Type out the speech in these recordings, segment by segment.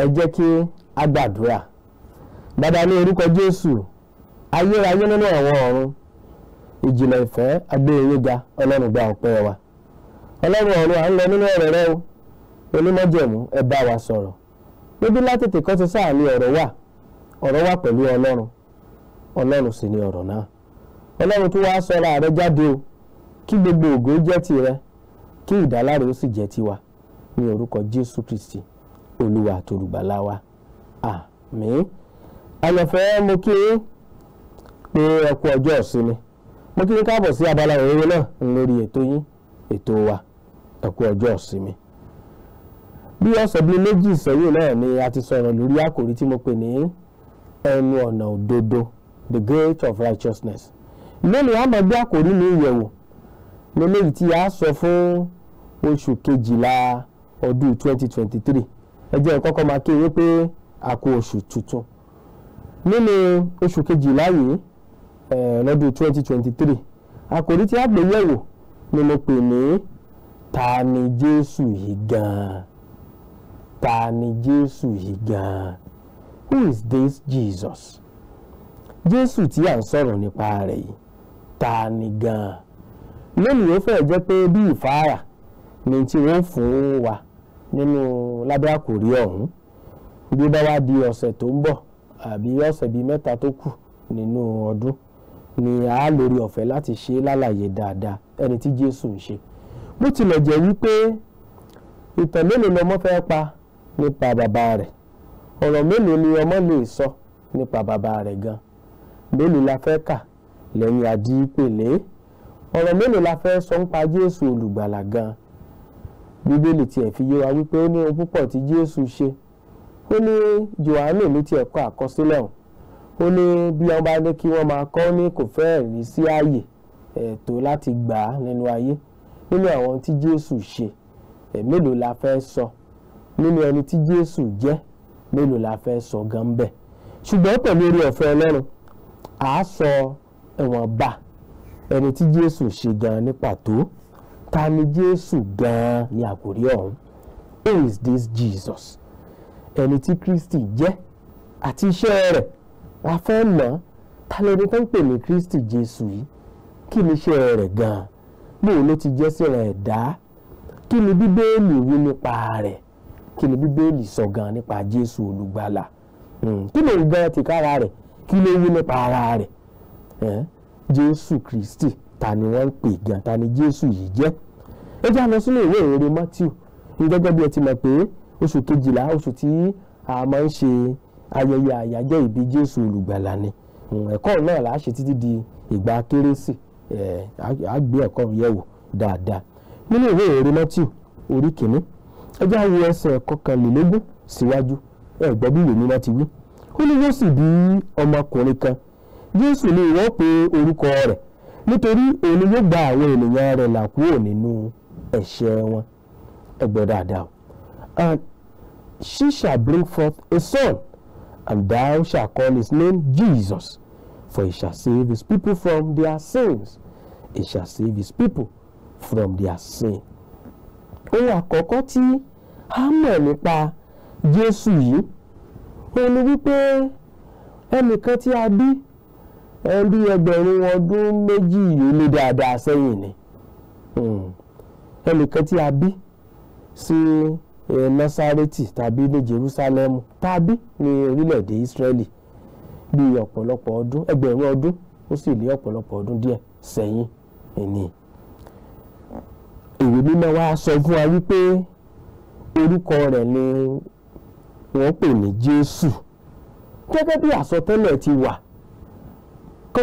ẹ jẹ́ kí a gbàdúrà bàbá ní orúkọ Jésù ayérayé nínú àwọn ọ̀run ìjìnlẹ̀ ìfẹ́ agbẹ́yẹ̀yẹ́ga ọlọ́run gba ọpẹ́ wa ọlọ́run ọ̀run à ń lọ nínú ọ̀rọ̀ rẹ o onímọ̀jẹ̀mú ẹ bá wa sọ̀rọ̀ níbi látètè kọ́ ti ọ̀rọ̀ wà ọ̀rọ̀ wà pẹ̀lú ọlọ́run ọlọ́run sì ni ọ̀rọ̀ náà ọlọ́run tó o kí gbogbo ògo jẹ́ kí Kristi olúwa àtòrùgbàlà wa àmín àyànfẹ́ mo kí pé ẹ kú ọjọ́ ìsinmi mo kí ní káàbọ̀ sí abala òróró náà lórí ètò yín ètò wa ẹ kú ọjọ́ ìsinmi bí ọ̀sẹ̀ bíi méjì sẹ́yìn náà ni a ti sọ̀rọ̀ lórí àkòrí tí mo pè ní ẹnu ọ̀nà òdodo the Great of righteousness lónìí a máa gbé àkòrí mi yẹ̀wò lélẹ́yìí tí a sọ fún oṣù kejìlá ọdún 2023 ẹ jẹ́ kọ́kọ́ máa kí wípé a kú oṣù tuntun nínú oṣù kejìlá yìí eh, lọ́dún twenty twenty three àkòrí tí a gbé yẹ̀wò ni mo pè ní ta ni Jésù yìí gan-an ta ni Jésù yìí gan-an who is this Jesus Jésù tí à ń sọ̀rọ̀ nípa rẹ̀ yìí ta ni gan-an lónìí ó fẹ́ jẹ́ pé bí ìfáàrà ni tí wọ́n fún wa nínú lábẹ́ àkòrí ọ̀hún bí bá wá di ọ̀sẹ̀ tó ń bọ̀ àbí ọ̀sẹ̀ bíi mẹ́ta tó kù nínú ọdún ni a á lórí ọ̀fẹ́ láti ṣe lálàyé dáadáa ẹni tí Jésù ń ṣe bó tilẹ̀ jẹ́ wípé ìtàn mélòó lọmọ fẹ́ pa nípa bàbá rẹ̀ ọ̀rọ̀ mélòó ni ọmọ lè sọ nípa bàbá rẹ̀ gan mélòó la fẹ́ kà lẹ́yìn adípèlé ọ̀rọ̀ mélòó la fẹ́ sọ nípa Jésù olùgbàlà gan bíbélì tiẹ̀ fi yé wa wípé ó ní ohun púpọ̀ tí jésù ṣe ó ní johannu ló tiẹ̀ kọ àkọsílẹ̀ ọ̀hún ó ní bí wọ́n bá ní kí wọ́n máa kọ ní kò fẹ́ẹ̀ rí sí ààyè ẹ̀tọ́ láti gbà á nínú ayé nínú àwọn tí jésù ṣe mélòó la fẹ́ sọ nínú ẹni tí jésù jẹ́ mélòó la fẹ́ sọ gan bẹ́ẹ̀ ṣùgbọ́n pẹ̀lú orí ọ̀fẹ́ ọlọ́run à á sọ ẹ̀wọ̀n bá ẹni tí jésù ṣe gan ní pàtó ta ni jésù gan-an ni àkórí ọ̀hún who is this jesus ẹni tí kristi jẹ́ àti iṣẹ́ rẹ̀ wàá fẹ́ mọ̀ ta lẹni tó ń pè ní kristi jésù yìí kí ni iṣẹ́ rẹ̀ gan-an lóun ló ti jẹ́ síra ẹ̀dá kí ni bíbélì wí nípa rẹ̀ kí ni bíbélì sọ gan-an nípa jésù olùgbàlà hmm, kí ló ń gan tìkára rẹ̀ kí ló wí nípa ara rẹ̀ jésù kristi. Eh? ta ni wọ́n ń pè gan ta ni Jésù yìí jẹ́ ẹ jẹ́ sínú ìwé ìrere Matthew gẹ́gẹ́ bí ẹ ti pé oṣù kejìlá oṣù tí a máa ń ṣe ayẹyẹ àyájọ́ ìbí Jésù olùgbàlà ni ẹ̀kọ́ náà là á ṣe títí di ìgbà kérésì á gbé dáadáa nínú ìwé Matthew orí kìíní kọkànlélógún síwájú bí ti wí ó kan Jésù ni pe orúkọ nítorí òun yóò gba àwọn ènìyàn rẹ̀ là kúrò nínú ẹ̀ṣẹ̀ wọn ẹgbẹ́ dáadáa and she shall bring forth a son and thou shalt call his name Jesus for he shall save his people from their sins he shall save his people from their sin. ohun àkọ́kọ́ tí a mọ̀ nípa Jésù yìí òun ni wípé ẹnìkan tí a bí ẹ ń bí ẹgbẹ̀rún ọdún méjì ó lé dáadáa sẹ́yìn ni hmm. ẹnìkan tí a bí sí nasareti tàbí ní Jerusalem tàbí ní orílẹ̀-èdè Israeli bí ọ̀pọ̀lọpọ̀ ọdún ẹgbẹ̀rún ọdún ó sì lé ọ̀pọ̀lọpọ̀ ọdún díẹ̀ sẹ́yìn ni ìwé mímọ́ wa sọ fún wa wípé orúkọ rẹ̀ ni wọ́n pè ní Jésù gẹ́gẹ́ bí àsọtẹ́lẹ̀ ti wà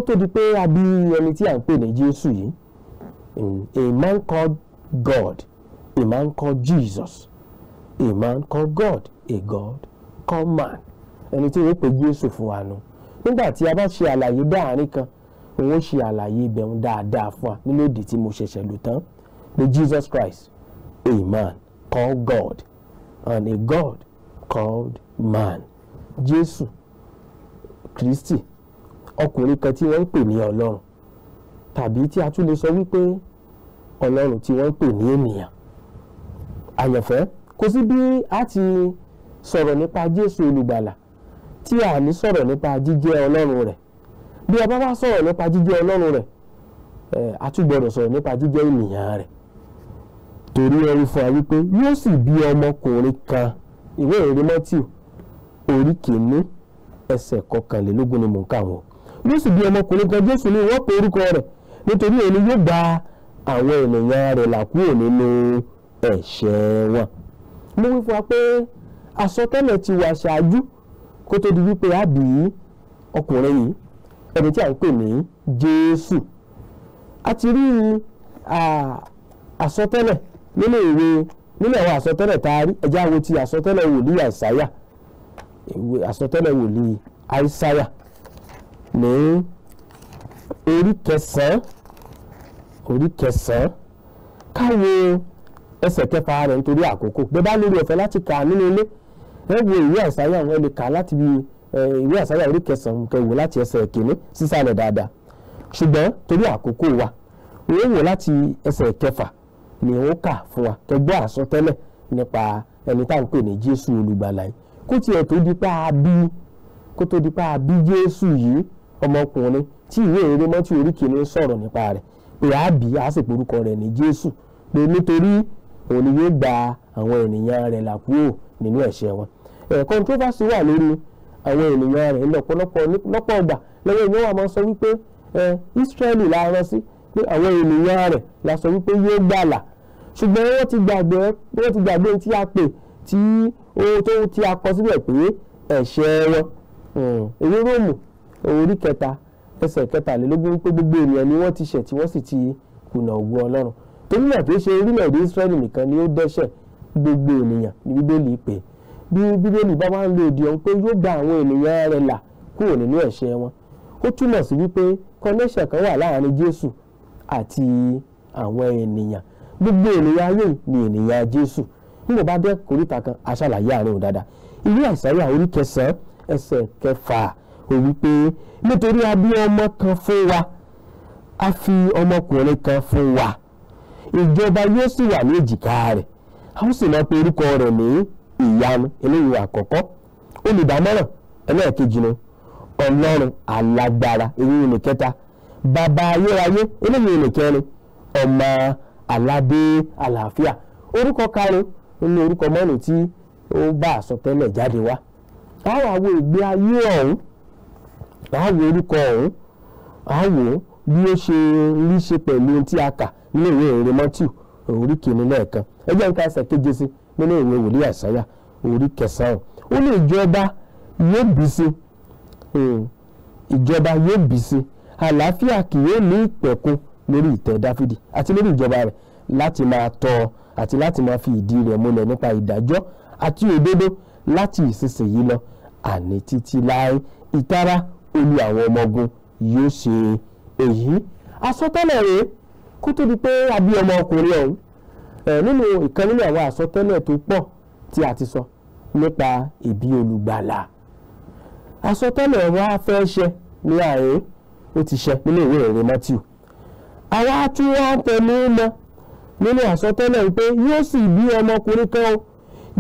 kó tó di pé a bí ẹni tí à ń pè ní Jésù yìí a man called God a man called Jesus a man called God a God called man ẹni tí wọ́n pè Jésù fún wa nu nígbà tí a bá ṣe àlàyé dáàrin kan òun ṣe àlàyé ibẹ̀rún dáadáa fún wa nínú èdè tí mo ṣẹ̀ṣẹ̀ lò tán pé Jesus Christ a man called God and a God called man Jésù Kristi ọkùnrin kan tí wọ́n ń pè ní ọlọ́run tàbí tí a tún lè sọ wípé ọlọ́run tí wọ́n ń pè ní ènìyàn àyànfẹ́ kò sí bí a ti sọ̀rọ̀ nípa Jésù olùgbàlà tí a ní sọ̀rọ̀ nípa jíjẹ́ ọlọ́run rẹ̀ bí a bá wá sọ̀rọ̀ nípa jíjẹ́ ọlọ́run rẹ̀ a tún gbọ́dọ̀ sọ̀rọ̀ nípa jíjẹ́ ènìyàn rẹ̀ torí ẹrú fún wa wípé yóò sì bí ọmọkùnrin kan ìwé ìrìmọ́tì orí kìíní ẹsẹ̀ kọkànlélógún ni mò ń kà wọ́n yóò sì bí ọmọkùnrin kan jésù ní wọ́n pe orúkọ rẹ̀ nítorí òun yóò gba àwọn ènìyàn rẹ̀ là kúrò nínú ẹ̀ṣẹ̀ wọn. mo wí fún wa pé àsọtẹ́lẹ̀ ti wà ṣáájú kó tó di wípé a bí ọkùnrin yìí ẹni tí a ń pè ní jésù a ti rí àsọtẹ́lẹ̀ nínú ìwé nínú àwọn àsọtẹ́lẹ̀ tá a rí ẹ̀já wo ti àsọtẹ́lẹ̀ wòlíì àìsáyà àsọtẹ́lẹ̀ wòlíì àìsáyà ní orí kẹsàn-án orí kẹsàn-án káwo ẹsẹ̀ kẹfà rẹ̀ nítorí àkókò bẹ́ẹ̀ bá lórí ọ̀fẹ́ láti kà nínú ilé wọ́n wo ìwé àṣàyà wọn lè kà láti bí ìwé àṣàyà orí kẹsàn-án kẹwò láti ẹsẹ̀ kìíní sísàlẹ̀ dáadáa ṣùgbọ́n torí àkókò wa wọ́n wò láti ẹsẹ̀ kẹfà ni ó kà fún wa kẹgbẹ́ àsọtẹ́lẹ̀ nípa ẹni tá à ń pè ní Jésù olùgbàlà yìí kó tiẹ̀ tó di pa kó tó di pa Jésù yìí ọmọkùnrin tí ìwé eré mọ́tì orí kìíní sọ̀rọ̀ nípa rẹ̀ pé àbí a sì porúkọ rẹ̀ ní Jésù pé nítorí òun ni yóò gba àwọn ènìyàn rẹ̀ là kúrò nínú ẹ̀ṣẹ̀ wọn. ẹ̀ controversy wà lórí àwọn ènìyàn rẹ̀ lọ́pọ̀lọpọ̀ lọ́pọ̀ ọgbà lọ́wọ́ ènìyàn wa máa sọ wípé Ísírẹ́lì la rán sí pé àwọn ènìyàn rẹ̀ la sọ wípé yóò gbàlà ṣùgbọ́n wọ́n ti gbàgbé wọ́n ti gbàgbé tí a pè tí ó tó ti a kọ síbẹ̀ pé ẹ̀ṣẹ̀ wọn èyí hmm, Róòmù orí kẹta ẹsẹ̀ kẹtàlélógún pé gbogbo ènìyàn ni wọ́n ti ṣẹ̀ tí wọ́n sì ti kùnà ògùn ọlọ́run torí náà tó ṣe orílẹ̀-èdè israel nìkan ni ó dẹ́ṣẹ̀ gbogbo ènìyàn ní bíbélì pé bí bíbélì bá máa ń lo èdè ọ̀hún pé yóò gba àwọn ènìyàn rẹ̀ là kúrò nínú ẹ̀ṣẹ̀ wọn ó túmọ̀ sí wípé kan wà láàrin Jésù àti àwọn ènìyàn gbogbo ènìyàn ò wípé nítorí a bí ọmọ kan fún wa a fi ọmọkùnrin kan fún wa ìjọba yóò sì wà ní èjìká rẹ̀ a ó sì máa pe orúkọ rẹ ní ìyanu eléyìí àkọ́kọ́ olùdámọ̀ràn ẹlẹ́ẹ̀kejì ni ọlọ́run alágbára eléyìí ní kẹta bàbá ayérayé eléyìí ní kẹrin ọmọ aládé àlàáfíà orúkọ karùn-ún ní orúkọ mọ́nì tí ó bá àsọtẹ́lẹ̀ jáde wá àwọn àwọn ìgbé ayé ọ̀hún àáwò orúkọ ọ̀hún àáwò bí ó ṣe rí ṣe pẹ̀lú ohun tí a kà nínú ìwé ìrere Mátíù orí kìíní lẹ́ẹ̀kan ẹ jẹ́ n ka ẹsẹ̀ keje sí nínú ìwé wòlíì Àìsáyà orí kẹsàn-án ó ní ìjọba yóò bí sí hmm. ìjọba yóò bí sí àlàáfíà kì yóò ní ìpẹ̀kun lórí ìtẹ́ Dáfídì àti lórí ìjọba rẹ̀ láti máa tọ́ ọ àti láti máa fi ìdí rẹ̀ múlẹ̀ nípa ìdájọ́ àti òdodo láti ìsinsìnyí lọ àní títí láé ìtara olú àwọn ọmọ ogun yóò ṣe èyí àsọtẹ́lẹ̀ rẹ̀ kó tó di pé a bí ọmọ ọkùnrin ọ̀hún nínú ìkan nínú àwọn àsọtẹ́lẹ̀ tó pọ̀ tí a ti sọ nípa ìbí olùgbàlà àsọtẹ́lẹ̀ wọn á fẹ́ ṣẹ ní àárín ó ti ṣẹ nínú ìwé ìrìn Matthew àwa tí wọ́n ń tẹnu mọ́ nínú àsọtẹ́lẹ̀ pé yóò sì bí ọmọkùnrin kan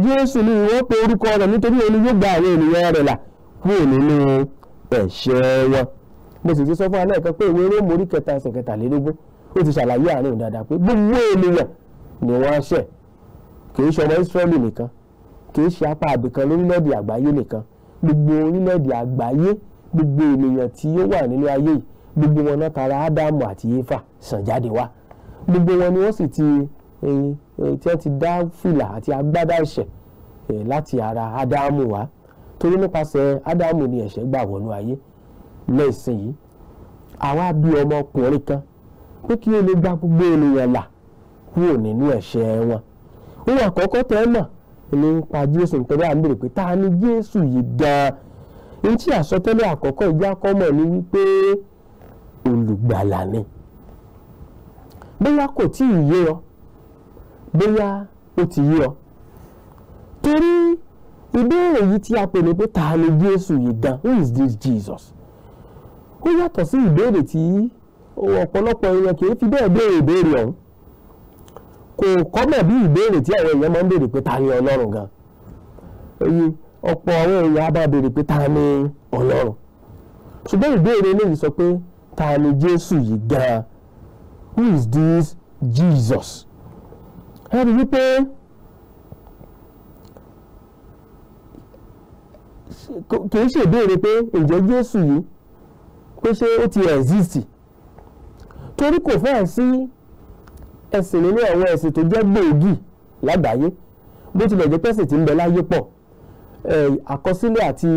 yóò sì ní ìwọ́pẹ̀ orúkọ rẹ̀ nítorí òun yóò gba àwọn ènìyàn rẹ̀ là kúrò nínú ẹ̀ṣẹ̀ wọn mo sì ti sọ fún alẹ́ kan pé ìwé róòmù orí kẹta ẹsẹ̀ kẹtàlélógún ó ti ṣàlàyé àárín òun dáadáa pé gbogbo ènìyàn ni wọ́n ṣẹ̀ kì í ṣe ọmọ Ísírẹ́lì nìkan kì í ṣe apá àbìkan lórílẹ̀‐èdè àgbáyé nìkan gbogbo orílẹ̀‐èdè àgbáyé gbogbo ènìyàn tí ó wà nínú ayé yìí gbogbo wọn náà tara Ádámù àti Éfà ṣàn jáde wá gbogbo wọn ni wọ́n sì ti eh, eh, tí wọ́n ti dá fìlà àti agbádá ẹ̀ṣẹ̀ eh, láti ara Ádámù wá torí nípasẹ̀ ádámù ni ẹ̀ṣẹ̀ gbà wọnú ayé lẹ́sìn yìí àwa bí ọmọkùnrin kan pé kí o lè gba gbogbo ènìyàn là kúrò nínú ẹ̀ṣẹ̀ wọn ohun àkọ́kọ́ tẹ́ mọ̀ pa jésù nítorí pé ni jésù yìí n tí àsọtẹ́lẹ̀ àkọ́kọ́ ìjà kọ́mọ̀ ni wípé olùgbàlà ni bóyá kò ìbéèrè yìí tí a pè ní pé ta ni Jésù yìí gan who is this Jesus ó yàtọ̀ sí ìbéèrè tí ọ̀pọ̀lọpọ̀ èèyàn kì í fi bẹ́ẹ̀ béèrè ìbéèrè ọ̀hún kò kọ́mọ̀ bí ìbéèrè tí àwọn èèyàn máa ń béèrè pé ta ni Ọlọ́run gan èyí ọ̀pọ̀ àwọn èèyàn á bá béèrè pé ta ni Ọlọ́run ṣùgbọ́n ìbéèrè eléyìí sọ pé ta ni Jésù yìí gan who is this Jesus ẹ rí i wípé. kì í ṣèbéèrè pé ǹjẹ́ Jésù yìí pé ṣé ó ti exist torí kò fẹ́ sí ẹ̀sìn nínú àwọn ẹ̀sìn tó jẹ́ gbòógì lágbàáyé bó tilẹ̀ jẹ́ pẹ́sìn tí ń bẹ láyé pọ̀ àkọsílẹ̀ àti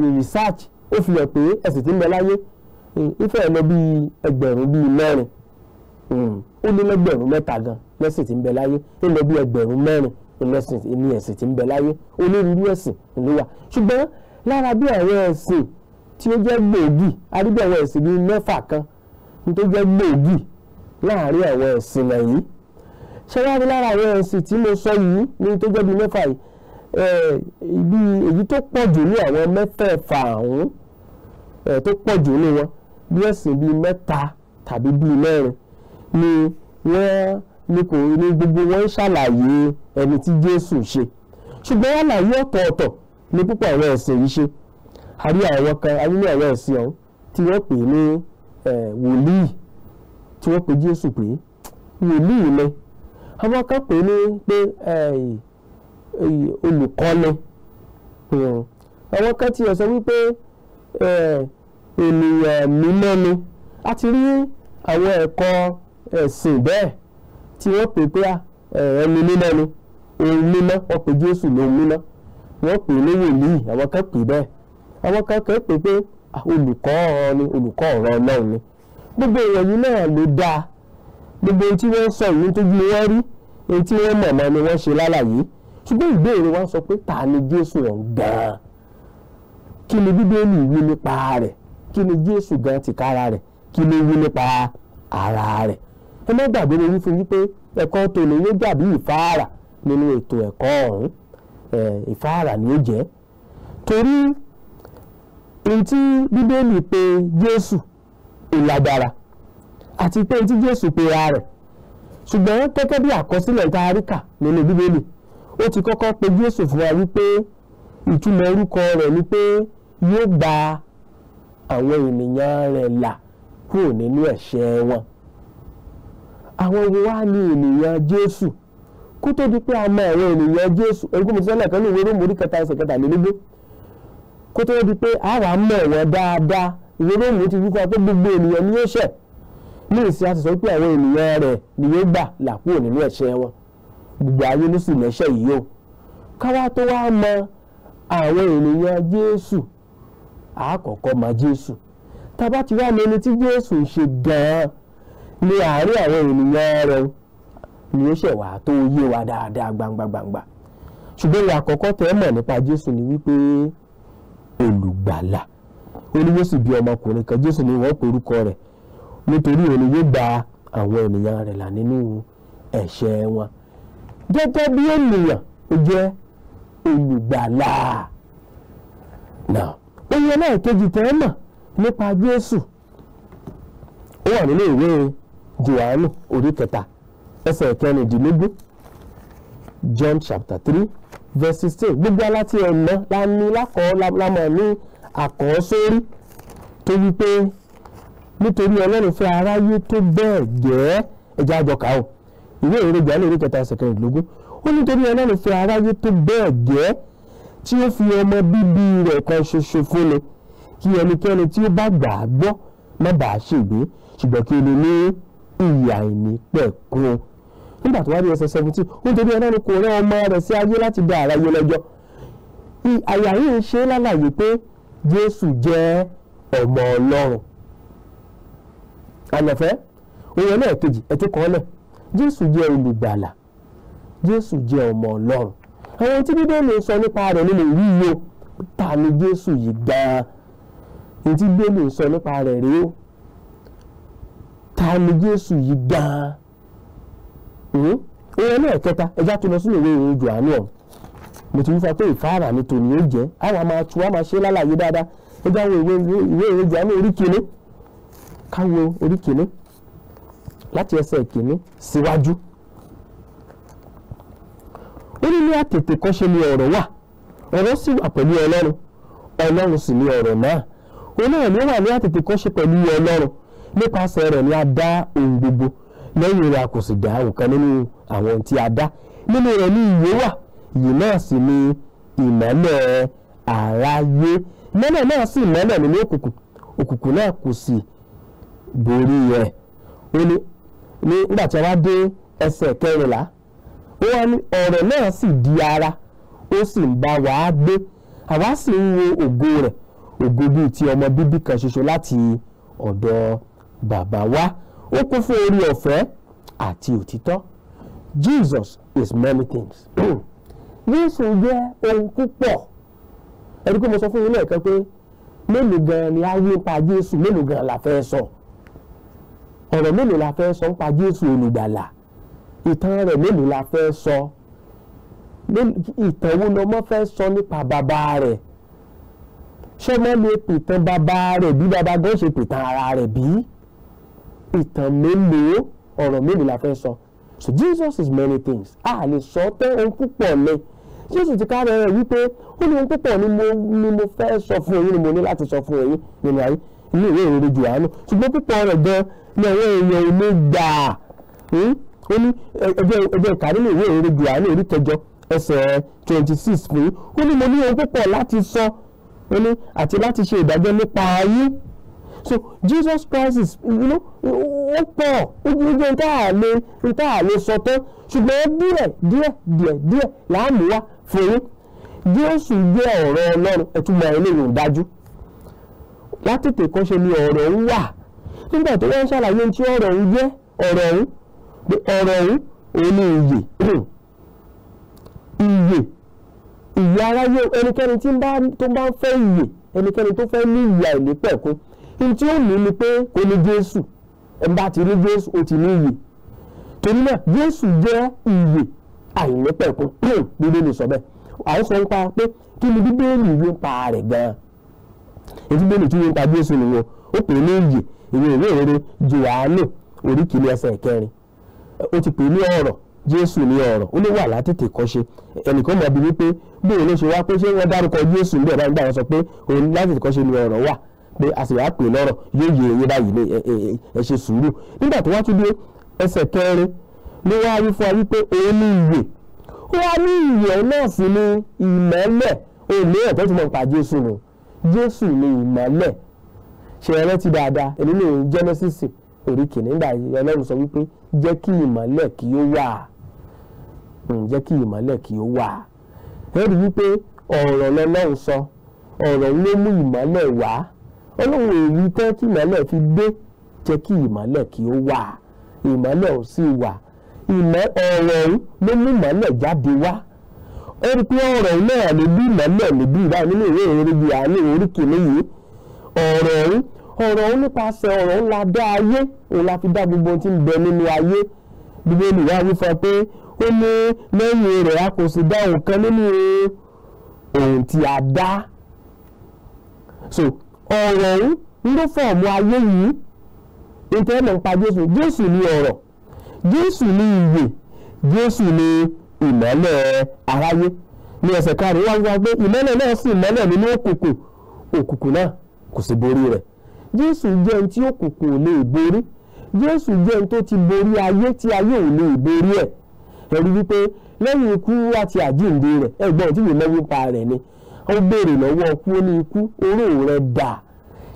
research ó fi hàn pé ẹ̀sìn tí ń bẹ láyé ìfẹ́ lọ bí ẹgbẹ̀rún bíi mẹ́rin hmm. ó lé lẹ́gbẹ̀rún mẹ́ta gan lẹ́sìn tí ń bẹ láyé ó lọ bí ẹgbẹ̀rún mẹ́rin ìlẹ̀sìn ní ẹ̀sìn tí ń bẹ láyé onírúurú ẹ̀sìn ló wà ṣùgbọ́n lára bí àwọn ẹ̀sìn tí ó jẹ́ gbòógì arígbẹ̀ àwọn ẹ̀sìn bíi mẹ́fà kan tó jẹ́ gbòógì láàárín àwọn ẹ̀sìn wọ̀nyí ṣé wàá rí lára àwọn ẹ̀sìn tí mo sọ yìí ní tó jẹ́ bíi mẹ́fà yìí ibi èyí tó pọ̀ jù ní àwọn mẹ́fẹ̀ẹ̀fà ọ̀hún tó pọ̀ jù ní wọn bí ẹ̀sìn bíi mẹ́ta tàbí bíi mẹ́rin ni wọ́n ni kò ní gbogbo wọn ṣàlàyé ẹni tí Jésù ṣe ṣùgbọ́n àlàyé ọ̀tọ̀ọ̀tọ̀ ni púpọ̀ àwọn ẹ̀sìn yìí ṣe àrí àwọn kan nínú àwọn ẹ̀sìn ọ̀hún tí wọ́n pè ní wòlíì tí wọ́n pe Jésù pé wòlíì ni àwọn kan pè ní pé olùkọ́ni pé wọn àwọn kan ti sọ wípé ènìyàn mímọ́ ni a ti rí àwọn ẹ̀kọ́ ẹ̀sìn bẹ́ẹ̀ tí wọ́n pè pé ah, ẹni mímọ́ ni ohun mímọ́ wọ́n pè Jésù lóhun mímọ́ wọ́n pè ní wòlíì àwọn kan pè bẹ́ẹ̀ àwọn kan kan pè pé ah, olùkọ́ ọ̀rọ̀ ni olùkọ́ ọ̀rọ̀ Ọlọ́run ni gbogbo ìwọ̀nyí náà ló dáa gbogbo ohun tí wọ́n sọ yìí tó gbé wọ́n rí ohun tí wọ́n mọ̀mọ́ ni wọ́n ṣe lálàyé ṣùgbọ́n ìbéèrè wa sọ pé ta ni Jésù ọ̀hún gan-an kí ni Bíbélì wí nípa rẹ̀ kí ni Jésù gan-an tìkára rẹ̀ kí ni wí nípa ara rẹ̀ ẹ má gbàgbé mo wí fún yín pé ẹ̀kọ́ tòní yóò dàbí ìfáàrà nínú ètò ẹ̀kọ́ ọ̀hún ìfáàrà ni ó jẹ́ torí ohun tí bíbélì pè jésù ìlágbára àti pé ohun tí jésù pè ra rẹ̀ ṣùgbọ́n gẹ́gẹ́ bí àkọsílẹ̀ ìtaríkà nínú bíbélì ó ti kọ́kọ́ pe jésù fún wa wípé ìtumọ̀ orúkọ rẹ̀ ni pé yóò gba àwọn ènìyàn rẹ̀ là kúrò nínú ẹ̀ṣẹ̀ wọn àwọn wo wá ní ènìyàn Jésù kó tó di pé a mọ àwọn ènìyàn Jésù ẹgbẹ́ mi sọ́lẹ̀ kan ní ìwé rómù orí kẹta ẹsẹ̀ kẹtàlélógún kó tó di pé a wà mọ̀ wọ́n dáadáa ìwé rómù ti wípé pé gbogbo ènìyàn ni yóò ṣẹ̀ ní ìsìn a sì sọ pé àwọn ènìyàn rẹ̀ ni yóò gbà làkúrò nínú ẹ̀ṣẹ̀ wọn gbogbo ayé ló sì lẹ́ṣẹ̀ yìí o káwá tó wá mọ àwọn ènìyàn Jésù àkọ́kọ́ mọ Jésù tá ti wá mọ ẹni tí Jésù ń ní àárín àwọn ènìyàn rẹ̀ ni ó ṣẹ̀wá tó yé wa dáadáa gbangba ṣùgbọ́n ìwà àkọ́kọ́ tẹ́ mọ̀ nípa Jésù ni wípé olùgbàlà ó ní yóò sì bí ọmọkùnrin kan Jésù ni wọ́n porúkọ rẹ̀ nítorí òun ni yóò gba àwọn ènìyàn rẹ̀ là nínú wọn gẹ́gẹ́ bí ènìyàn ó jẹ́ olùgbàlà náà náà kejì tẹ́ mọ̀ nípa Jòhánù orí kẹta ẹsẹ̀ kẹrìndínlógún John chapter three verse sixteen gbogbo aláti ẹ̀nà la ní lákọ̀ọ́ lámọ̀ ní àkọ́sórí tó wí pé nítorí Ọlọ́run fẹ́ aráyé tó bẹ́ẹ̀ gẹ́ ẹja àjọkà o ìwé ìrere Jòhánù orí kẹta ẹsẹ̀ kẹrìndínlógún ó nítorí Ọlọ́run fẹ́ aráyé tó bẹ́ẹ̀ gẹ́ tí ó fi ọmọ bíbí rẹ̀ kan ṣoṣo fúnni kí ẹnikẹ́ni tí ó bá gbà á gbọ́ má bàa ṣègbé ṣùgbọ́n kí o ní ìyà àìnípẹ̀kun nígbà tó wá di ẹsẹ̀ seventeen nítorí ọlọ́run kò rán ọmọ rẹ̀ sí ayé láti dá àráyé lẹ́jọ́ àyà yìí ń ṣe lálàyé pé Jésù jẹ́ ọmọ ọlọ́run àlọ́fẹ́ òun ẹlẹ́ẹ̀kejì ẹ̀tú kan lẹ̀ Jésù jẹ́ olùgbàlà Jésù jẹ́ ọmọ ọlọ́run àwọn tí bíbélì sọ nípa rẹ̀ nínú ìwí yìí o ta ni Jésù yìí gan-an tí bíbélì sọ nípa rẹ̀ rèé o ta ni Jésù yìí gan-an hmm? ìyẹn náà kẹta ẹja tó lọ sínú ìwé ìròyìn Jòhánù ọ̀hún mo ti wí fún pé ìfáàrà ni tòun yóò jẹ́ àwọn máa tu wọ́n máa ṣe lálàyé dáadáa ẹja wo ìwé ìròyìn Jòhánù orí kìíní káwo orí kìíní láti ẹsẹ̀ kìíní síwájú ó ní ní àtètè kọ́ṣe ni ọ̀rọ̀ wà ọ̀rọ̀ sì wà pẹ̀lú Ọlọ́run Ọlọ́run sì ni ọ̀rọ̀ náà ó náà ní wà ní àtètè kọ́ṣe pẹ̀lú Ọlọ́run nípasẹ̀ rẹ̀ ni a dá ohun gbogbo lẹ́yìn rẹ̀ a kò sì dá òkan nínú àwọn tí a dá nínú rẹ̀ ní ìwé wà ìyè náà sì ni ìmọ́lẹ̀ àráyé mọ́lẹ̀ náà sì mọ́lẹ̀ nínú òkùnkùn òkùnkùn náà kò sì borí rẹ̀ ó ní nígbà tí a wá dé ẹsẹ̀ kẹrìnlá ó wá ní ọ̀rọ̀ náà sì di ara ó sì ń bá wa gbé àwa sì ń wo ògo rẹ̀ ògo bíi ti ọmọ bíbí kan ṣoṣo láti ọ̀dọ̀ bàbá wa ó kún fún orí ọ̀fẹ́ àti òtítọ́ Jesus is many things Jésù jẹ́ ohun púpọ̀ ẹni pé mo sọ fún yín lẹ́ẹ̀kan pé mélòó gan ni a wí nípa Jésù mélòó gan la fẹ́ sọ ọ̀rọ̀ mélòó la fẹ́ sọ nípa Jésù olùgbàlà ìtàn rẹ̀ mélòó la fẹ́ sọ ìtàn wo lọmọ fẹ́ sọ nípa bàbá rẹ̀ ṣé ọmọ lè pìtàn bàbá rẹ̀ bí bàbá gan ṣe pìtàn ara rẹ̀ bí ìtàn mélòó ọ̀rọ̀ mélòó la fẹ́ sọ so Jesus is many things a lè sọ pé ohun púpọ̀ lẹ Jésù ti kára ẹ wípé ó ní ohun púpọ̀ ni mo ni mo fẹ́ sọ fún ẹ̀yin ni mo ní láti sọ fún ẹ̀yin nínú ayé ní ìwé ìrere Jòhánù ṣùgbọ́n púpọ̀ rẹ̀ gan ni àwọn èèyàn ò lè gbà hmm? ó ní ẹjẹ ẹjẹ ìkàrí ní ìwé ìrere Jòhánù orí kẹjọ ẹsẹ̀ twenty six fún yín ó ní mo ní ohun púpọ̀ láti sọ ó ní àti láti ṣe ìdájọ́ nípa ayé so Jesus Christ is ó pọ̀ ó jẹ́ tá a lè tá a lè sọ tán ṣùgbọ́n díẹ̀ díẹ̀ díẹ̀ díẹ̀ là ń mú wá fún yín Jésù jẹ́ ọ̀rọ̀ Ọlọ́run ẹ̀túmọ̀ eléyìí ò dájú látètè kan ṣe ni ọ̀rọ̀ ń wà nígbà tó wọ́n ṣàlàyé tí ọ̀rọ̀ ń jẹ́ ọ̀rọ̀ ń pé ọ̀rọ̀ ń òun ni ìyè ìyè ìyè aráyé ẹnikẹ́ni tó bá ń fẹ́ ìyè ẹnikẹ́ni tó fẹ́ ní ìyè àìlépẹ̀kún n tí ó ní ni pé kò ní Jésù ẹni bá ti ní Jésù ó ti ní ìyè torí náà Jésù jẹ́ ìyè àìnípẹ̀kun pín Bíbélì sọ bẹ́ẹ̀ àwọn sọ ń pé kí ni Bíbélì yóò pa rẹ̀ gan-an ètí Bíbélì tí yóò pa Jésù nìyẹn ó pè ní ìyè ìwé ìwé ìrere Jòhánù orí kìíní ẹsẹ̀ kẹrin ó ti pè ní ọ̀rọ̀ jésù ní ọ̀rọ̀ ó lè wà látètè kọ́ṣe ẹnìkan mọ̀ bí wípé bí òun ló ṣe wá pé ṣé wọ́n dárúkọ jésù níbẹ̀ báyìí báyìí sọ pé òun látètè kọ́ṣe ní ọ̀rọ̀ wà pé a sì wá pè lọ́rọ̀ yóò yẹ eyín báyìí ní ẹ ṣe sùúrù nígbà tó wá tún dé ẹsẹ̀ kẹrin ló wá wí fún wa wípé òun ní ìwé ó wá ní ìwé náà sì ni ìmọ́lẹ̀ òní ẹ̀tọ́ tí mo pa Jésù nù Jésù ni ìmọ́lẹ̀ ṣe ẹ rántí dáadáa èmi ní Genesis orí kìíní gbà Ọlọ́run sọ wípé jẹ́ kí ìmọ́lẹ̀ kí ó wà hmm, jẹ́ kí ìmọ́lẹ̀ kí ó wà ẹ rí i wípé ọ̀rọ̀ lọ́lọ́run sọ ọ̀rọ̀ ló mú ìmọ́lẹ̀ wá ọlọ́run èyí tẹ́ kí ìmọ́lẹ̀ fi dé jẹ́ kí ìmọ́lẹ̀ kí ó wà ìmọ́lẹ̀ ò sì wà ìmọ̀ ọ̀rọ̀ òun ló mú ìmọ́lẹ̀ jáde wá ó rí pé ọ̀rọ̀ òun náà ló bí ìmọ́lẹ̀ ló bí ìbáyìí nínú ìwé ìròyìn bíi àánú orí kìíní yìí ọ̀rọ̀ òun ọ̀rọ̀ òun nípasẹ̀ ọ̀rọ̀ òun la dá ayé òun la fi dá gbogbo ohun tí ń bẹ nínú ayé gbogbo olùwà wí fún ọ pé ó ní lẹ́yìn rẹ̀ a kò sì dá òun kan nínú ohun tí a dá so ọ̀rọ̀ ọ̀hún ló fọ̀ọ̀mù ayé yìí nítorí mọ̀ nípa Jésù Jésù ni ọ̀rọ̀ Jésù ni ìyè Jésù ni ìmọ́lẹ̀ aráyé ní ẹsẹ̀ karùn-ún wá pé ìmọ́lẹ̀ náà sì mọ́lẹ̀ nínú òkùnkùn òkùnkùn náà borí rẹ̀ Jésù jẹ́ tí òkùnkùn ò lè Jésù jẹ́ tó ti borí ayé tí ayé ò lè borí ẹ̀ ẹ̀rí wípé lẹ́yìn ikú àti àjíǹde rẹ̀ ẹ̀gbọ́n tí ó béèrè lọ́wọ́ ọkú ó ní ikú oró rẹ̀ dà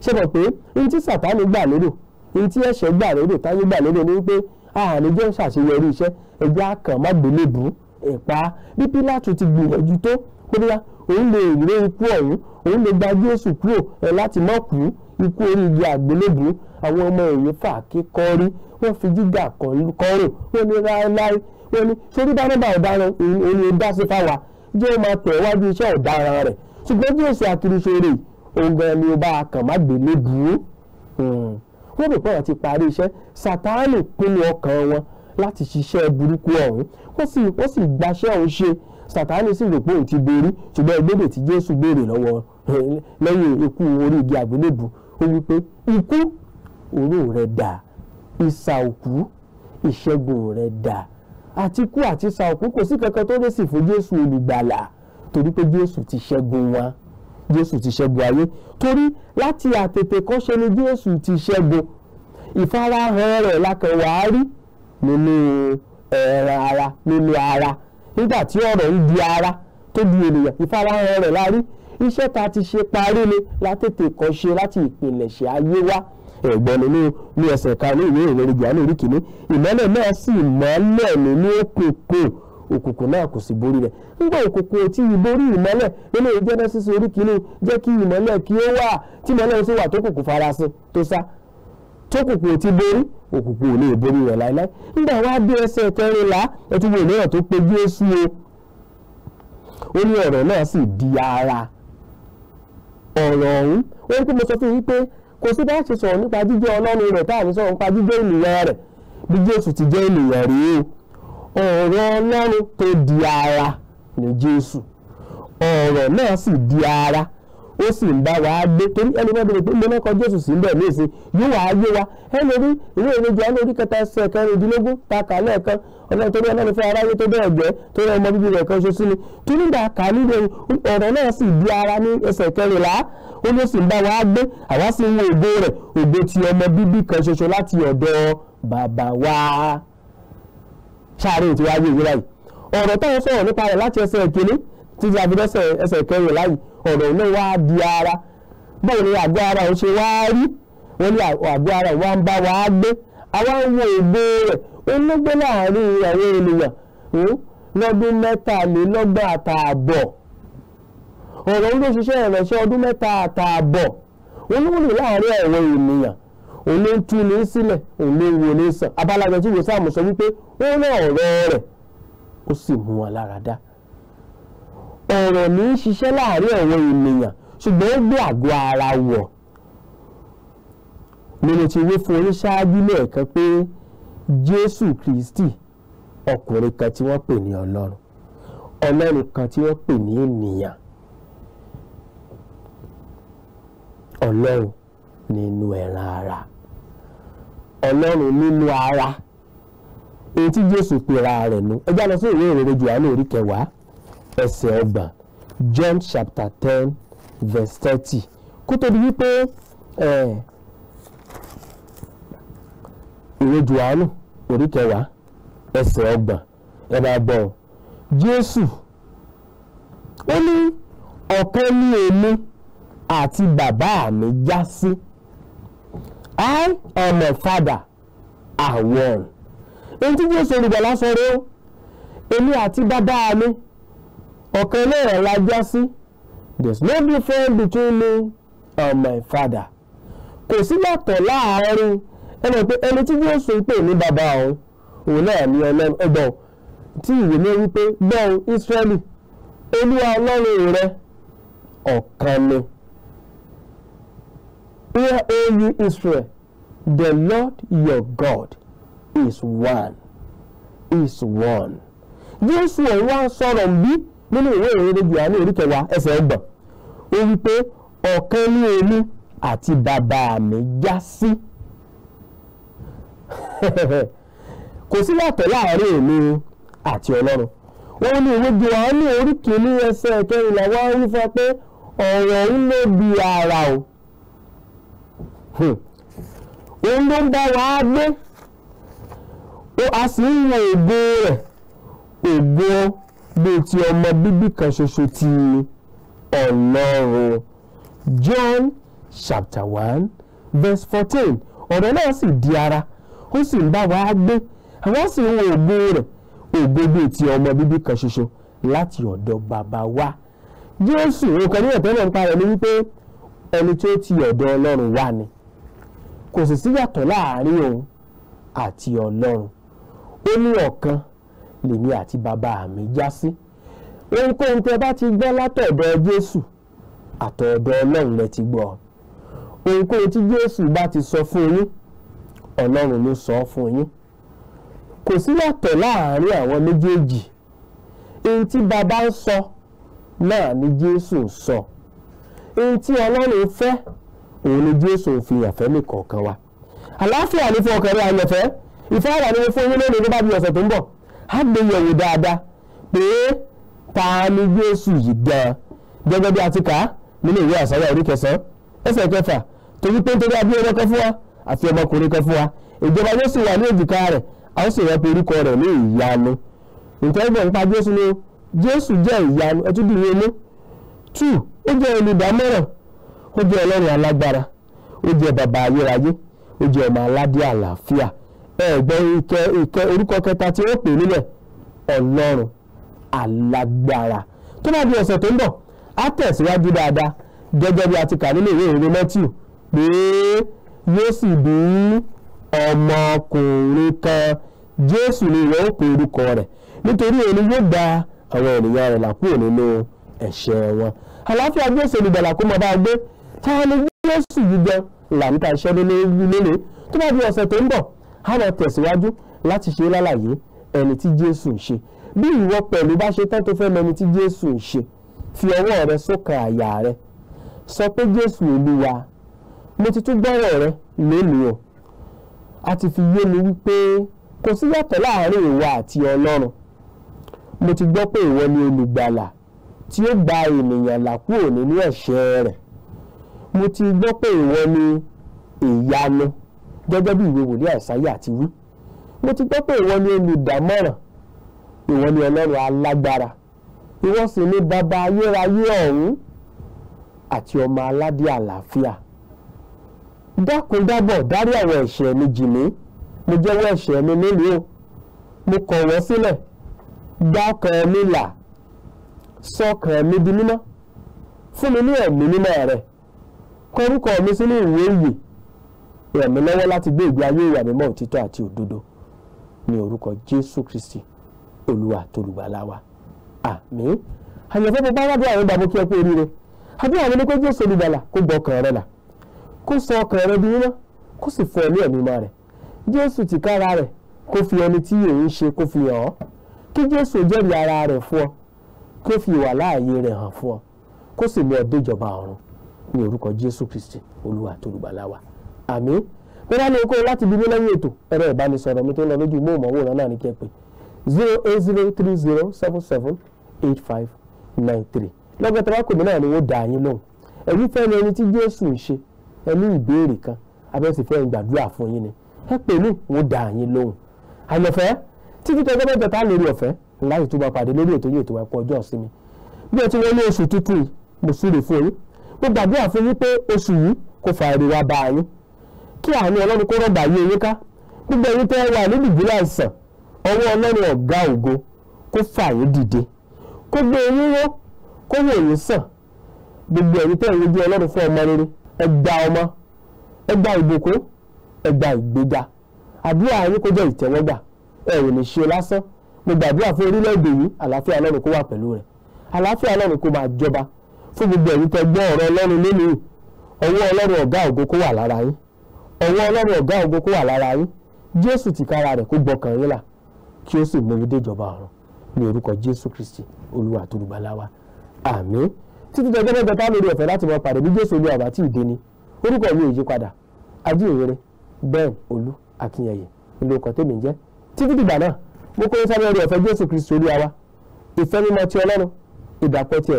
ṣe mọ̀ pé n tí sàtánì gbà lérò n tí ẹ̀ṣẹ̀ gbà lérò táyé gbà lérò ni wípé àníjọ́ ṣàṣeyọrí iṣẹ́ ẹ̀jẹ̀ akàn má gbélébù ẹ̀pá bí Pílátù ti gbìyànjú tó pé bóyá òun lè ré ikú ọ̀hún òun lè gba Jésù kúrò ẹ̀ láti má kú ikú orí igi àgbélébù àwọn ọmọ ẹ̀yìn fà kíkọ́rí wọ́n fi jígà kọ́rùn wọ́n ní ráéláé wọ́n ní ṣé rí bá nọ́bà ọ̀daràn òun ni ó dá sí fáwa jẹ́ ó máa tẹ̀ wájú iṣẹ́ ọ̀daràn rẹ̀ ṣùgbọ́n bí òsì àkìrìṣeré ògùn ẹni ọba àkànmágbè lè dúró hmm. wọ́n rò pé wọ́n ti parí iṣẹ́ Sátánì pinnu ọkàn wọn láti ṣiṣẹ́ burúkú ọ̀hún wọ́n sì wọ́n sì gbaṣẹ́ ọ̀hún ṣe Sátánì sì rò pé òun ti borí ṣùgbọ́n ìgbébè tí Jésù béèrè lọ́wọ́ lẹ́yìn ikú orí igi àgbélébù ó wí pé ikú òru rẹ̀ dà ìsà òkú ìṣẹ́gun rẹ̀ dà àti kú àti sa òkú kò sí kankan tó lè sì fún Jésù olùgbàlà torí pé Jésù ti ṣẹ́gun wọn Jésù ti ṣẹ́gun ayé torí láti àtètè kọ́ṣe ni Jésù ti ṣẹ́gun ìfarahàn rẹ̀ lákànwá rí nínú ẹ̀ràn ara nínú ara nígbà tí ọ̀rọ̀ ń di ara tó di ènìyàn ìfarahàn rẹ̀ la iṣẹ́ tá ti ṣe parí ni látètè kọ́ṣe láti ìpilẹ̀ṣẹ̀ ayé wa ẹ̀gbọ́n nínú ní ẹsẹ̀ kan ní ìwé ìròyìn ìjà ní orí kìíní ìmọ́lẹ̀ náà sì mọ́lẹ̀ nínú òkùnkùn òkùnkùn náà kò sì borí rẹ̀ nígbà òkùnkùn tí ìborí ìmọ́lẹ̀ nínú Genesis orí kìíní jẹ́ kí ìmọ́lẹ̀ kí ó wà tí ìmọ́lẹ̀ sì wà tó kùkù farasin tó sá tó kùkù ti borí òkùnkùn ò lè borí rẹ̀ láéláé nígbà wá dé ẹsẹ̀ kẹrìnlá ẹtú wo ìlérò tó pe Jésù o ó ní ọ̀rọ̀ náà sì di ara ọ̀rọ̀ ọ̀hún ó ní pé mo sọ fún yín pé kò sí bá ṣe sọ̀rọ̀ nípa jíjẹ́ ọlọ́run rẹ̀ tá à ní sọ̀rọ̀ nípa jíjẹ́ ènìyàn rẹ̀ bí jésù ti jẹ́ ènìyàn rí o ọ̀rọ̀ ọlọ́run tó di ara ni jésù ọ̀rọ̀ náà sì di ara ó sì ń bá wa gbé torí ẹni bá bèrè pé lọ́kọ̀ jésù sí bẹ́ẹ̀ ní ìsìn yóò wá yé wa ẹni rí ìwé ìwé jẹ́ ẹni orí kẹta ẹsẹ̀ kẹrìndínlógún ta kà lẹ́ẹ̀kan ọlọ́run torí ẹni fẹ́ aráyé tó bẹ́ẹ̀ gbẹ́ torí ọmọ bíbí rẹ̀ kan ṣe sí ni tí nígbà kà nílé ọ̀rọ̀ náà sì di ara ní ẹsẹ̀ kẹrìnlá ó ló sì ń bá wa gbé àwa sì ń wo ògo rẹ̀ ògo ti ọmọ bíbí kan ṣoṣo láti ọ̀dọ̀ bàbá wa títí àfidẹ́sẹ̀ ẹsẹ̀ kẹrin láyìí ọ̀rọ̀ náà wá di ara báwo ni àgọ́ ara òun ṣe wá rí wọ́n ní àgọ́ ara ìwà ń bá wa gbé àwa ń wo ègbé rẹ̀ ó ló gbé láàrin àwọn ènìyàn hmm, lọ́dún mẹ́tàlélọ́gbà àtààbọ̀ ọ̀rọ̀ ń ló ṣiṣẹ́ ìrẹsẹ̀ ọdún mẹ́ta àtààbọ̀ olúwòlù láàrin ẹ̀wọ̀ ènìyàn òun ló ń tú ní sílẹ̀ òun ló ń wo ní sàn abalagbẹ̀ tí ìwé sáàmù sọ wípé ó rán ọ̀rọ̀ rẹ̀ ó sì mú wọn lára dá. ọ̀rọ̀ ní í ṣiṣẹ́ láàárín ọ̀rọ̀ ènìyàn ṣùgbọ́n ó gbé ara wọ̀ nínú ti wí fún oníṣáájú lẹ́ẹ̀kan pé Jésù Kristi ọkùnrin kan tí wọ́n pè ní Ọlọ́run Ọlọ́run kan tí wọ́n pè ní ènìyàn Ọlọ́run ẹran ara Ọlọ́run nínú ara èyí tí Jésù pera rẹ̀ lọ sí ìwé ìrere kẹwàá ẹsẹ̀ ọgbà John chapter ten verse thirty kó tóbi wípé ìwé Jòhánù orí kẹwàá ẹsẹ̀ ọgbà ẹ máa gbọ́ ọ Jésù ó ní ọ̀kan ní èmi àti bàbá mi já sí I am a father àwọn ohun tí Jésù olùgbàlà sọ̀rọ̀ èmi àti bàbá mi ọ̀kan náà la já sí there is no difference between me and my father kò sí yàtọ̀ láàárín ẹnì pé ẹni tí Jésù ń pè ní bàbá òun òun náà ní ọlọ́run ẹgbọ́n tí ìwé ní wípé gbọ́n Ísírẹ́lì olúwa ọlọ́run rẹ ọ̀kan ni hear o you Israel the Lord your God is one is one Jésù ẹ̀ wá sọ̀rọ̀ bíi nínú ìwé ìròyìn méjì àní oríkẹwàá ẹsẹ̀ ọgbọ̀n ó wí pé ọ̀kan ní èmi àti bàbá mi já sí kò sí yàtọ̀ láàárín èmi àti ọlọ́run wọn ní ìwé johannu orí kìíní ẹsẹ̀ kẹrìnlá wá wí fún ọ pé ọ̀rọ̀ ń ló bi ara o hmm. òun ló ń bá wa gbé a sì ń wo ògo rẹ̀ ògo bíi ti ọmọ bíbí kan ṣoṣo ti ọlọ́run John chapter one verse fourteen ọ̀rọ̀ náà sì di ara ó sì ń bá wa gbé àwọn sì ń wo ògo rẹ̀ ògo bíi ti ọmọ bíbí kan ṣoṣo láti ọ̀dọ̀ bàbá wa Jésù nǹkan ní ẹ̀tọ́ náà ń parẹ́ ni wípé ẹni tí ó ti ọ̀dọ̀ ọlọ́run wá ni kò sì síyàtọ̀ láàárín òun àti ọlọ́run ó ní ọ̀kan lèmi àti bàbá mi já sí ohunkóhun tẹ bá ti gbọ́ látọ̀dọ̀ Jésù àtọ̀dọ̀ Ọlọ́run lẹ ti gbọ́ ohunkóhun tí Jésù bá ti sọ fún yín Ọlọ́run ló sọ fún yín kò sí yàtọ̀ láàárín àwọn méjèèjì ohun tí bàbá ń sọ náà ni Jésù ń sọ ohun tí Ọlọ́run fẹ́ òun ni Jésù ń fi yànfẹ́ nìkọ̀ọ̀kan wa àlàáfíà ní fún ọkàn rẹ̀ àyànfẹ́ ìfẹ́ àwà ni mo fún yín lónìí ló bá di ọ̀sẹ̀ tó ń bọ̀ á gbé yẹ̀wò dáadáa pé ta ni Jésù yìí gan gẹ́gẹ́ bí a ti kà á nínú ìwé àsáyà orí kẹsàn-án ẹsẹ̀ kẹfà torí pé nítorí abí ọmọ kan fún wa àfi ọmọkùnrin kan fún wa ìjọba Jésù wà ní èjìká rẹ̀ a ó sì rẹ́ pé orúkọ rẹ̀ ní ìyanu nǹkan ẹgbẹ́ nípa Jésù ni Jésù jẹ́ ìyanu ẹtú dì ní inú two ó jẹ́ olùdámọ̀ràn ó jẹ́ ọlọ́run alágbára ó jẹ́ bàbá ayérayé ó jẹ́ ọmọ aládé àlàáfíà ẹgbẹ ikẹ ikẹ orúkọ kẹta tí ó pè nílẹ̀ ọlọ́run alágbára tó bá di ọ̀sẹ̀ tó ń bọ̀ á gẹ́gẹ́ bí a ti kà nínú ìwé ìròyìn pé yóò sì bí ọmọkùnrin kan Jésù ni ìwọ orúkọ nítorí yóò gba àwọn ènìyàn nínú wọn àlàáfíà Jésù bá a gbé táwọn Jésù yìí gan iṣẹ́ tó bá di a lọ tẹ̀síwájú láti ṣe lálàyé ẹni tí Jésù ń ṣe bí ìwọ pẹ̀lú bá ṣe tán tó fẹ́ mọ ẹni tí Jésù ń ṣe fi ọwọ́ rẹ sókàn àyà rẹ sọ pé Jésù Olúwa mo ti tún gbọ́rọ̀ rẹ lónìí o a ti fi yé mi wípé kò sí yàtọ̀ láàárín ìwọ àti Ọlọ́run mo ti gbọ́ pé ìwọ ni olùgbàlà tí ó gba ènìyàn là kúrò nínú ẹ̀ṣẹ̀ rẹ̀ mo ti gbọ́ pé ìwọ ni ìyanu. E gẹ́gẹ́ bí ìwé wòlíì àìsáyà ti wí mo ti gbọ́ pé ìwọ ni olùdámọ̀ràn ìwọ ni ọlọ́run alágbára ìwọ sì ni bàbá ayérayé ọ̀run àti ọmọ aládé àlàáfíà dákun dábọ̀ dárí àwọn ẹ̀ṣẹ̀ mi jì mí mo jẹ́wọ́ ẹ̀ṣẹ̀ mi nílùú o mo kọ̀ wọ́n sílẹ̀ dá ọkàn mi là sọ mi di mímọ́ fún mi ní ẹ̀mí mímọ́ rẹ̀ kọ mi sínú ìwé ìyè ràn mí lọ́wọ́ láti gbé ìgbé ayé ìyá mímọ́ òtítọ́ àti òdodo ní orúkọ Jésù Kristi Olúwa tolùgbàlà wa àmín àyànfẹ́ bó bá wádìí àwọn ìgbà mo kí ẹ kú oríire àbí àwọn oníkó Jésù olùgbàlà kó gbọ́ ọkàn rẹ là kó sọ ọkàn rẹ bí iná kó sì fọ ẹ̀mí ẹ̀mí mọ́ rẹ Jésù tìkára rẹ kó fi ẹni tí èyí ń ṣe kó fi hàn ọ́ kí Jésù jẹ́rìí ara rẹ̀ fún ọ kí fi ìwà láàyè rẹ̀ hàn fún ọ kó sì mú ọ déjọba ọ̀run ní orúkọ Jésù Kristi Olúwa tolùgbàlà àmín bí wọ́n á ní okòó láti bí mi lẹ́yìn ètò ẹ̀rọ ìbánisọ̀rọ̀ mi tó ń lọ lójú móhùnmáwòrán náà ní kẹ́pẹ́ zero eight zero three zero seven seven eight five nine three lọ́gbẹ̀ẹ́ tẹ́wá kò mí náà ni wọ́n dà yín lóhùn ẹ̀yin fẹ́ ni ẹni tí Jésù ń ṣe ẹni ìbéèrè kan abẹ́sì fẹ́ ń gbàdúrà fún yín ni ẹ pè mí wọ́n dà yín lóhùn àyànfẹ́ títí tọ́jọ́ mẹ́jọ tá lórí ọ̀fẹ́ láyé tó bá pàdé lórí ètò yìí ètò ẹ̀kọ́ ọjọ́ ìsinmi bí ẹ ti wọlé oṣù tuntun yìí mo súre fún yín mo gbàdúrà fún yín pé oṣù yìí kò fa èrè wa bá yín kí àánú ọlọ́run kó rọ̀gbà yé yín ká gbogbo ẹ̀yin tẹ́ wà níbi ìbílẹ̀ àìsàn ọwọ́ ọlọ́run ọ̀gá ògo kó fà yín dìde kó gbé yín wó kó wò yín sàn gbogbo ẹ̀yin tẹ́ ìwé bí ọlọ́run fún ọmọ rere ẹ gba ọmọ ẹ gba ìbùkún ẹ gba ìgbéga àdúrà yín kó jẹ́ ìtẹ́wọ́gbà ẹ ní ṣe lásán mo gbàdúrà fún orílẹ̀-èdè yìí àlàáfíà ọlọ́run kó wà pẹ̀lú rẹ̀ àlàáfíà ọlọ́run kó máa jọba fún gbogbo ẹ̀yin tẹ́ gbọ́ ọ̀rọ̀ ọlọ́run lónìí ọwọ́ ọlọ́run ọ̀gá ògo kó wà lára yín ọwọ́ ọlọ́run ọ̀gá ògo kó wà lára yín jésù tìkára rẹ̀ kó gbọkàn yín là kí ó sì mú yín déjọba ọ̀run ní orúkọ jésù kristi olúwa àtúrúgbàláwa àmì títí dọjọ́ ọ̀fẹ́ láti pàdé bí jésù ni orúkọ ben olú tèmi títí dìgbà náà mo kó orí ọ̀fẹ́ jésù kristi olúwa wa ìfẹ́ ti ọlọ́run ìdàpọ̀ ti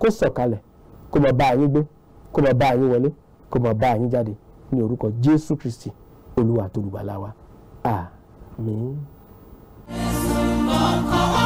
kó sọ̀kalẹ̀ kó ní orúkọ jésù kristi olúwa àtolùgbàlà wa àmín. ẹ̀sùn kọ̀ọ̀kan.